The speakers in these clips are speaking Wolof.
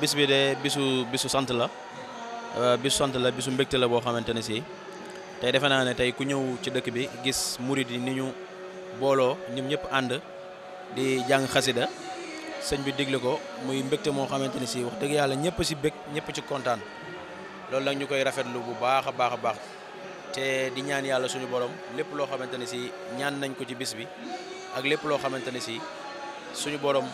bis bi de bisu bisu sant la euh, bisu sant la bisu mbégte la boo xamante ne si tey defe naa ne tey ku ñëw ci dëkk bi gis murid yi ni ñu booloo ñoom ñëpp ànd di jàng xasida sëñ bi digle ko muy mbégte moo xamante ne si wax dëgg yàlla ñëpp si bég ñëpp ci kontaan loolu nag ñu koy rafetlu bu baax a baax a baax te di ñaan yàlla suñu borom lépp loo xamante ne si ñaan nañ ko ci bis bi ak lépp loo xamante ne suñu borom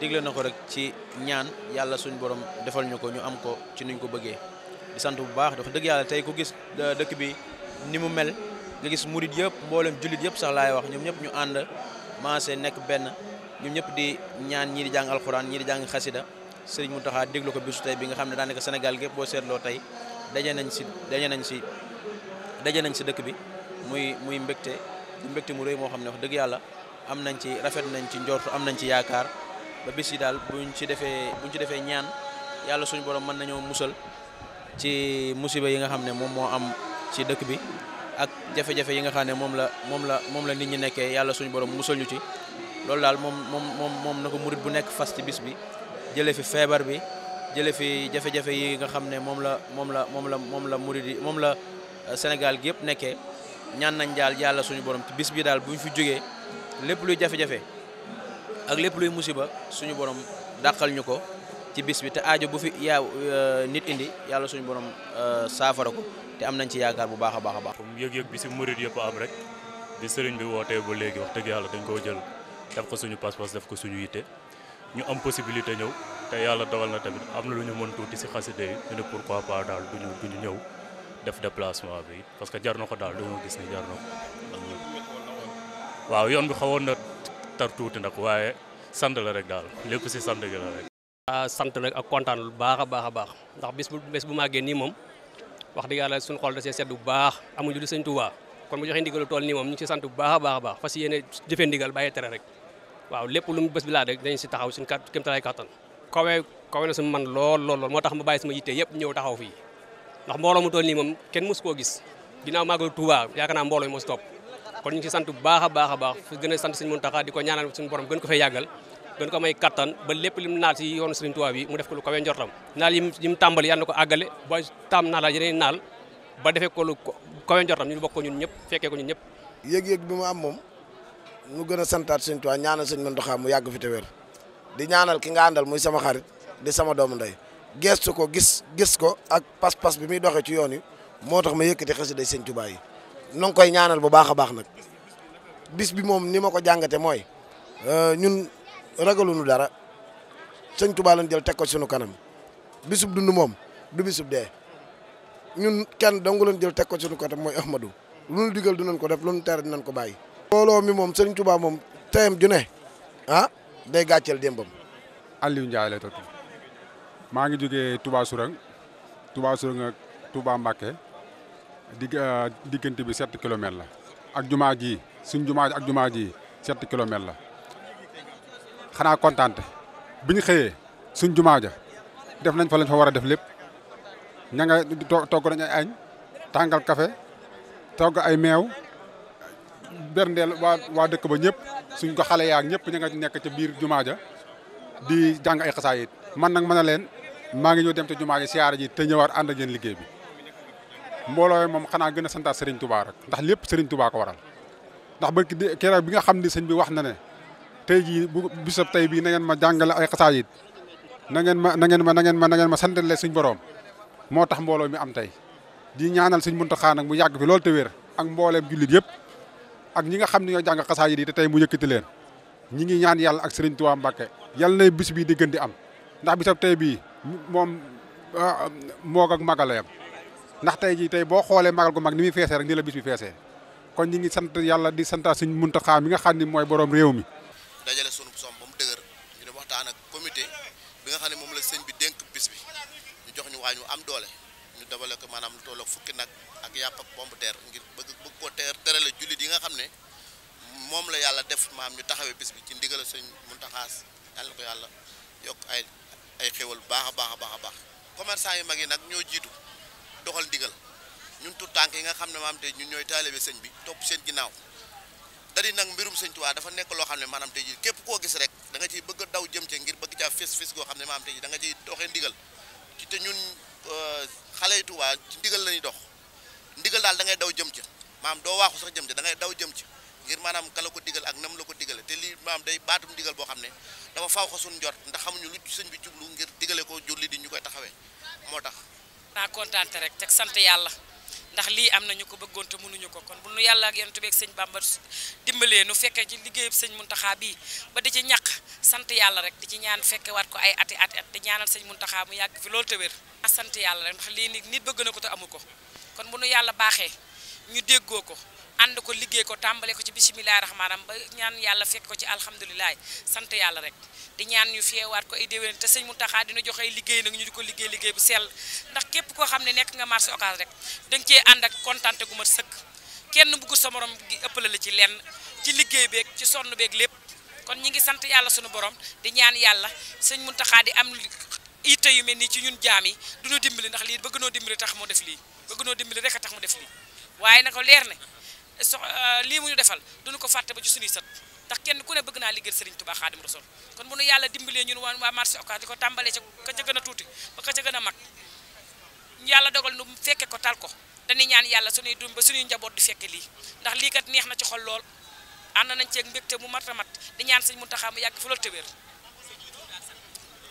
digle na ko rek ci ñaan yàlla suñ borom defal ñu ko ñu am ko ci nuñ ko bëggee di sant bu baax dafa dëgg yàlla tey ku gis dëkk bi ni mu mel nga gis murit yëpp mboolem jullit yëpp sax laay wax ñoom ñëpp ñu ànd maase nekk benn ñoom ñëpp di ñaan ñii di jàng alxuraan ñii di jàng xasida sëriñ Mountakha déglu ko bisu tey bi nga xam ne daanaka senegal gépp boo seetloo tey daje nañ si daje nañ si daje nañ si dëkk bi muy muy mbëgte di mbégte mu rëy moo xam ne wax dëgg yàlla am nañ ci rafet nañ ci njortu am nañ ci yaakaar ba bis yi daal buñ ci defee buñ ci defee ñaan yàlla suñu borom mën nañoo musal ci musiba yi nga xam ne moom moo am ci dëkk bi ak jafe yi nga xam ne moom la moom la moom la nit ñi nekkee yàlla suñu borom musal ñu ci loolu daal moom moom moom moom na ko murit bu nekk fas ci bis bi jëlee fi feebar bi jëlee fi jafe-jafe yi nga xam ne moom la moom la moom la moom la murit yi moom la euh, Sénégal gépp yëpp nekkee ñaan nañ daal yàlla suñu borom ci bis bi daal buñ fi jógee lépp luy jafe-jafe ak lépp luy musiba suñu borom dàqal ñu ko ci bis bi te aajo bu fi yaa euh, nit indi yàlla suñu borom euh, saafara ko te am nañ ci yaakaar bu baax a baax a baax. comme yëg-yëg bi si murid yëpp am rek di sëriñ bi wootee ba léegi wax dëgg yàlla dañ ko jël def ko suñu pas-pas def ko suñu yitte ñu am possibilité ñëw te yàlla dogal na tamit am na lu ñu mën tuuti si xaside yi ñu ne pourquoi pas daal duñu duñu ñëw def déplacement bi parce que jar na ko daal du gis ni jar tar tuuti nag waaye sant la rek daal lépp si sant gi la rek. Ah, sant nag ak kontaan lu baax a baax a baax ndax bis bu bés bu màggee nii moom wax dëgg yàlla suñu xol da see sedd bu baax amuñu lu sëñ Tuubaa kon bu joxee ndigalu tool nii moom ñu si sant bu baax a baax a baax fas jëfee ndigal bàyyi tere rek waaw lépp lu mu bés bi laa si taxaw suñu kat kéemtalaay kattan. kawe kawe na suñu man lool lool lool moo tax ma bàyyi sama yitte yëpp ñëw taxaw fii ndax mbooloo mu toll nii moom kenn mës koo kon ñu ngi ci bu baax a baax a baax fi gën a sant suñu Muntaxa di ko ñaanal suñu borom gën ko fay yàggal gën ko may kattan ba lépp lim naal ci yoonu Sëriñ Tuubaa bi mu ko lu yi yi mu ko àggale ba tam naala ñu bokk ko ñun ñëpp fekkee ñëpp yëg-yëg bi mu gën a santaat Sëriñ Tuubaa ñaanal Sëriñ Muntaxa mu yàgg fi te wér di ñaanal ki nga àndal muy sama xarit di sama doomu ndey gestu ko gis gis ko ak pas-pas bi muy doxee ci yoon yi moo tax ma yëkkati xasida Sëriñ Tuubaa yi no ngi koy ñaanal bu baax a baax nag bis bi moom ni ma ko jàngate mooy euh, ñun ragaluñu dara sëñ Tuubaa lañ jël teg ko kanam kanam bu dund moom du bisub dee ñun kenn dangu leen jël teg ko suñu kanam mooy Ahmadou lu ñu digal dinañ ko def lu ñu tere dinañ ko bàyyi. mbooloo mi moom sëñ tubaa moom teyam ju ne ah day gàcceel démbam. Aliou Ndiaye lay toog maa ngi jógee Touba Sourang Touba Sourang ak Touba Mbacké. Euh, diggante bi set kilomètres la ak jumaa ji suñ jumaa ji ak jumaa ji 7 kilomètres la xanaa kontaante bi ñu xëyee suñ jumaa ja def nañ fa lañ fa war a def lépp ña nga togg dañ ay añ tàngal kafe togg ay meew berndeel waa waa dëkk ba ñëpp suñ ko xale yaak ñëpp ña nga nekk ca biir jumaa ja di jàng ay xasaayit man nag mën a leen maa ngi ñëw dem ca jumaa ji siyaara ji te ñëwaat ànd ak liggéey bi mbooloo moom xanaa gën a santaat Serigne Touba rek ndax lépp Serigne Touba ko waral ndax di keroog bi nga xam ne sëñ bi wax na ne tey jii bu bisab tey bii na ngeen ma jàngale ay xasaayit na ngeen ma na ngeen ma na ngeen ma na ngeen ma santale suñ borom moo tax mbooloo mi am tey di ñaanal suñ Muntaxa nag mu yàgg fi loolu te wér ak mbooleem jullit yëpp ak ñi nga xam ne ñoo jàng xasaayit yi te tey mu yëkkati leen ñi ngi ñaan yàlla ak Serigne Touba Mbacke yal nay bis bii di gën di am ndax bisab tey bii moom ah, moog ak magala yam ndax tey jii tey boo xoolee magal gu mag ni muy feesee rek ni la bis bi feesee kon ñi ngi sant yàlla di sant suñ Muntaxa mi nga xam ni mooy borom réew mi. dajale sunu som ba mu dëgër ñu dem waxtaan ak comité bi nga xam ne moom la sëñ bi dénk bis bi ñu jox ñu waa ñu am doole ñu dabale ko maanaam lu toll fukki nag ak yàpp ak pompe terre ngir bëgg bëgg koo teer terale jullit yi nga xam ne moom la yàlla def maam ñu taxawee bis bi ci ndigal sëñ Muntaxa yàlla ko yàlla yokk ay ay xéwal baax a baax a baax a baax commerçant yu mag yi nag ñoo jiitu. doxal ndigal ñun tout tànk yi nga xam ne maanaam tey ñun ñooy taalibe sëñ bi topp seen ginnaaw dari nag mbirum sëñ Tuubaa dafa nekk loo xam ne maanaam tey ji képp koo gis rek ciy bëgg a jëm ci ngir bëgg caa fis fis goo xam ne nga ciy doxee ndigal ci te ñun euh, xale yi Tuubaa ci ndigal la ñuy dox ndigal daal dangay daw jëm ci maam doo waaxu sax jëm ci da ngay daw jëm ci ngir maanaam kala ko digal ak nam la ko digale te lii maam day baatum digal boo xam ne dafa faw xasun njort ndax xamuñu lu sëñ bi jublu ngir digale ko julli di ñu koy taxawee moo tax naa kontaan rek teg sant yàlla ndax lii am na ñu ko bëggoon te mënuñu ko kon bu nu yàlla ak yonent bi ak sëñ Bamba dimbalee nu fekkee ci liggéeyub sëñ Muntaxa bii ba di ci ñàq sant yàlla rek di ci ñaan fekkee waat ko ay ati ati at di ñaanal sëñ Muntaxa mu yàgg fi loolu te wér sant yàlla rek ndax lii nit bëgg na ko te amu ko kon bu nu yàlla baaxee ñu déggoo ko ànd ko liggéey ko tàmbale ko ci bisimilah rahmaanam ba ñaan yàlla fekk ko ci alhamdulilah sant yàlla rek di ñaan ñu feewaat ko ay déwén te sëñ Mountakha dina joxe liggéey nag ñu di ko liggéey bu sell ndax képp koo xam ne nga marché Ocass rek da cee ànd ak kontante gu kenn bëggul sa morom gi ëppale la ci lenn ci liggéey beeg ci sonn beeg lépp kon ñi ngi sant yàlla sunu borom di ñaan yàlla sëñ Mountakha di am itte yu mel nii ci ñun jaam yi du ñu dimbali ndax lii bëgg noo dimbali tax mu def lii bëgg noo dimbali rek a tax mu def lii waaye na ko leer ne sox euh, lii mu ñu defal duñu ko fàtte ba ci suñuy sët ndax kenn ku ne bëgg naa liggéey Serigne Touba Xaadim Rasul kon bu nu yàlla dimbalee ñun waa waa marché Ocass ko tàmbalee ca ka ca gën a tuuti ba ka a mag dogal nu fekke ko tal ko dañuy ñaan yàlla suñuy dund ba suñuy njaboot di fekke lii ndax lii kat neex na ci xol lool nañ ceeg mbégte mu mat a mat di ñaan sëñ Muntaxa mu yàgg fu loolu tëwéer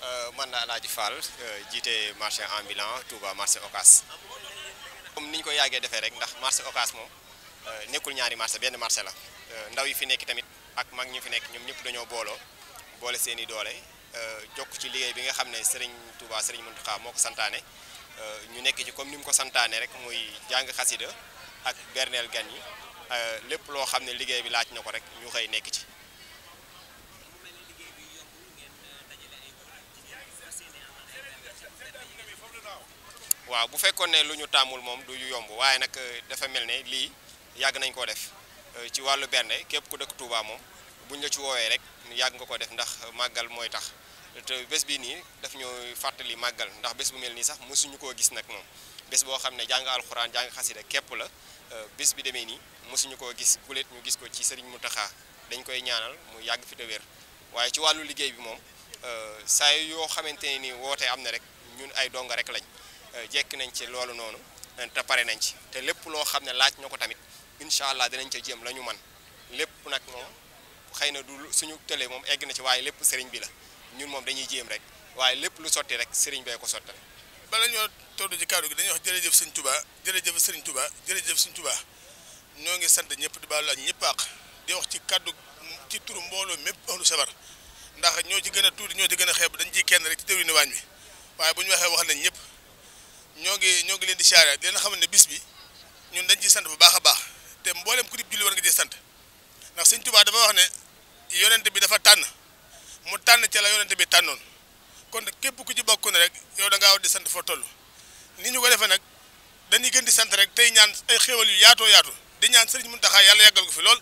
euh, man la Alaaji Fall euh, jiite marché ambulant Touba marché Ocass comme niñ ko yàggee defee rek ndax marché Ocass moom Euh, nekkul ñaari marché benn marché la euh, ndaw yi fi nekk tamit ak mag ñu fi nekk ñoom ñëpp dañoo booloo boole seen i doole euh, jokk ci liggéey bi nga xam ne sëriñ Serigne sëriñ Serigne Mountakha moo ko santaane ñu nekk ci comme ni mu ko santaane rek muy jàng xasida ak berneel gan yi lépp loo xam ne liggéey bi laaj na ko rek ñu xëy nekk ci. waaw bu fekkoon ne lu ñu tàmmul moom du yomb waaye nag dafa mel ne lii. yàgg nañ koo def euh, ci wàllu bernde képp ku dëkk Touba moom bu ñu la ci woowee rek yàgg nga ko def ndax màggal mooy tax te bés bi nii daf ñooy fàttali màggal ndax bés bu mel nii sax mosuñu koo gis nag moom bés boo xam ne jàng alxuraan jàng xasida képp la euh, bés bi demee nii mosuñu ko gis guléet ñu gis ko ci Serigne Mountakha dañ koy ñaanal mu yàgg fi te waaye ci wàllu liggéey bi moom euh, saa yoo xamante ne ni wootee am na rek ñun ay donga rek lañ jekki nañ ci loolu noonu te pare nañ ci te lépp loo xam ne laaj na ko tamit incha allah danañ ca jéem la ñu man lépp nag moom xëy na du suñu télé moom egg na ci waaye lépp sëriñ bi la ñun moom dañuy jéem rek waaye lépp lu sotti rek sëriñ bee ko sottal bala ñoo toll ci kàddu gi dañuy wax jërëjëf sëriñ Touba jërëjëf sëriñ Touba jërëjëf sëriñ Touba ñoo ngi sant ñëpp du baalu ak ñëpp àq di wax ci kàddu ci turu mbooloo mépp ahlu sabar ndax ñoo ci gën a tuuti ñoo ci gën a xeeb dañ ciy kenn rek ci déwénu waañ wi waaye bu ñu waxee wax nañ ñëpp ñoo ngi ñoo ngi leen di siyaare di leen xam ne bis bi ñun dañ ciy sant bu baax a baax te mbooleem ku dib julli war nga cee sant ndax sëñ Tuubaa dafa wax ne yonent bi dafa tànn mu tànn ca la yonent bi tànnoon kon képp ku ci bokk ne rek yow da ngaa war di sant foo toll ni ñu ko defee nag dañuy gën di sant rek tey ñaan ay xéewal yu yaatoo yaatu di ñaan sëriñ Muntaxa yàlla yàggal ko fi lool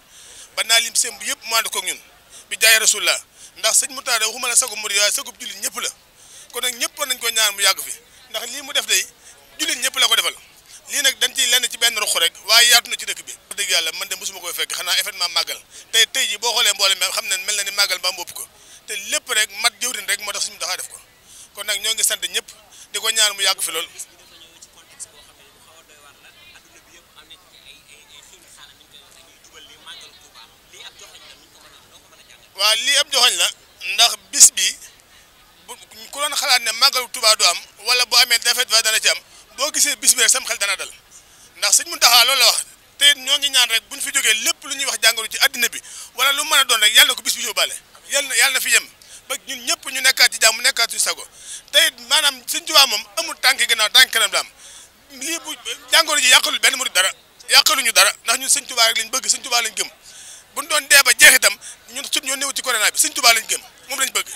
ba naa lim sëmb yëpp mu ànd koog ñun bi jaay rasulullah ndax sëñ Muntaxa da waxuma la sagub murid waaye sagub jullit ñëpp la kon nag ñëpp war nañ ko ñaan mu yàgg fi ndax lii mu def day jullit ñëpp la ko defal lii nag dañ ciy lenn ci benn ruq rek waaye yaatu na ci dëkk bi wax dëgg yàlla man de mosuma koy fekk xanaa événement màggal tey tey boo xoolee mboole mi xam ne mel na ni màggal ba mbopp ko te lépp rek mat jëwrin rek moo tax suñu daxaa ko kon nag ñoo ngi sant ñëpp di ko ñaan mu yàgg fi lool waaw lii la ndax bis bi ku doon xalaat ne màggalu Tuubaa du am wala bu amee defet dala ci am boo gisee bis bee sam xel dana dal ndax sëñ taxaa loolu la wax te ñoo ngi ñaan rek bu ñu fi jógee lépp lu ñuy wax jàngoro ci àddina bi wala lu mën a doon rek yàlla ko bis bi yóbbaale yàlla na yàlla na fi yem ba ñun ñëpp ñu nekkaat ci jàmm nekkaat suñu sago te maanaam sëñ Tuubaa moom amul tànk gannaaw tànk kanam la am lii bu jàngoro ji yàqalul benn murid dara yàqaluñu dara ndax ñun sëñ Tuubaa rek lañ bëgg sëñ Tuubaa lañ gëm bu ñu doon dee ba jeex itam ñun sut ñoo néew ci corona bi sëñ Tuubaa lañ moom lañ bëgg